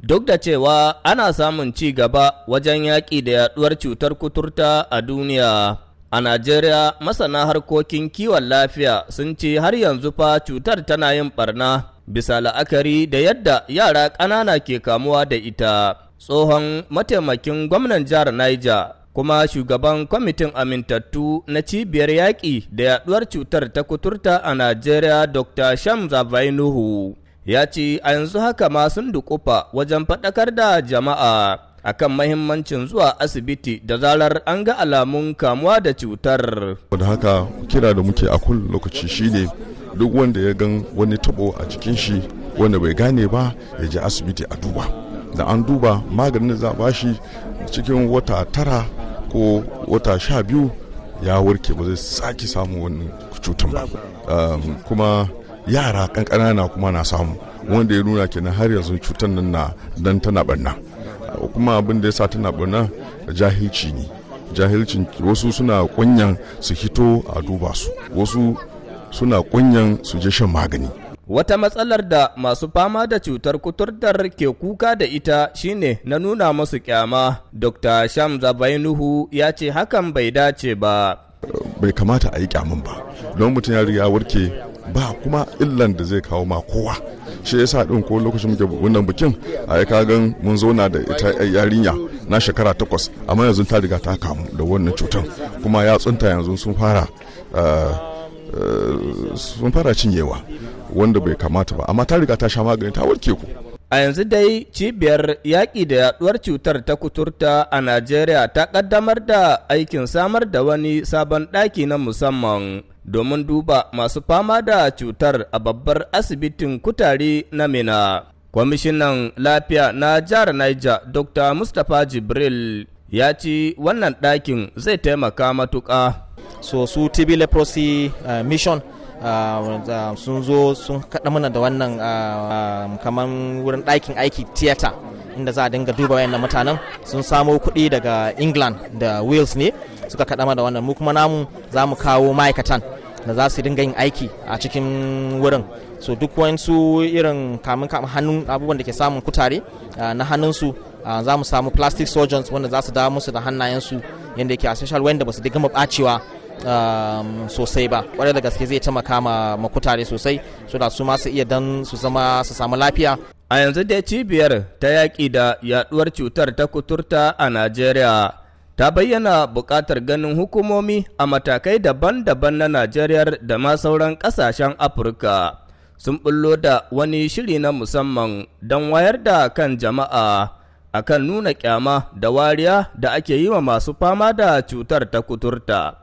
Duk da cewa ana samun ci gaba wajen yaƙi da yaɗuwar cutar kuturta a duniya, a Najeriya masana harkokin kiwon lafiya sun ce har yanzu fa cutar tana yin ɓarna bisa la'akari da yadda yara ƙanana ke kamuwa da ita. Tsohon mataimakin gwamnan jihar Naija, kuma shugaban kwamitin amintattu na cibiyar yaƙi da yaɗuwar cutar ta kuturta a Najeriya Dr. Shamza Vainuhu ya ce a yanzu haka ma sun dukufa wajen faɗakar da jama'a akan mahimmancin zuwa asibiti da zarar an ga alamun kamuwa da cutar. Wanda haka kira da muke a kullum lokaci shine duk wanda ya gan wani tabo a cikin shi wanda bai gane ba ya je asibiti a duba. Da an duba maganin za a shi cikin wata tara ko wata sha biyu ya warke ba zai sake samu wani cutan ba. kuma yara kankana kuma na samu wanda ya nuna kenan har yanzu cutar nan na dan tana barna kuma abin da ya sa tana barna jahilci ne jahilcin wasu suna kunyan su hito a duba su wasu suna kunyan su je shan magani wata matsalar da masu fama da cutar kuturtar ke kuka da ita shine na nuna masu kyama dr sham zabainuhu ya ce hakan bai dace ba bai kamata a yi kyamun ba don mutum ya riga warke ba kuma illan da zai kawo ma kowa shi yasa din ko lokacin muke wannan bikin a ka gan mun zauna da ita yarinya na shekara takwas amma yanzu ta riga ta kamu da wannan cutar kuma yatsunta yanzu sun fara eh, eh, sun fara cinyewa wanda bai kamata ba amma ta riga ta sha magani ta warke ku A yanzu dai cibiyar yaƙi da yaɗuwar cutar ta kuturta a Najeriya ta ƙaddamar da aikin samar da wani sabon ɗaki na musamman domin duba masu fama da cutar a babbar asibitin kutare na Mina. Kwamishinan lafiya na jihar Niger Dr. Mustapha Jibril ya ce wannan ɗakin zai taimaka matuƙa. So su TB leprosy uh, mission Ah, sun zo sun kaɗa mana da wannan ah, ah, kamar wurin ɗakin aiki tiyata inda za a dinga duba wayannan mutanen sun samo kuɗi daga england da wales ne suka kaɗa mana da wannan mu kuma namu za mu kawo ma'aikatan da za su dinga yin aiki a cikin wurin so duk wayansu irin kamun kamun hannun abubuwan da ke samun kutare na hannunsu za mu samu plastic surgeons wanda za su dawo musu da hannayensu yadda ke a social wanda ba su gama bacewa Um, sosai ba kwarai da gaske zai taimaka ma makutare sosai su da su masu iya dan su zama su samu lafiya a yanzu dai cibiyar ta yaƙi da yaduwar cutar ta kuturta a najeriya ta bayyana buƙatar ganin hukumomi a matakai daban-daban na najeriya da ma sauran ƙasashen afirka sun bullo da wani shiri na musamman don wayar da kan jama'a akan nuna kyama da wariya da ake yi wa masu fama da cutar ta kuturta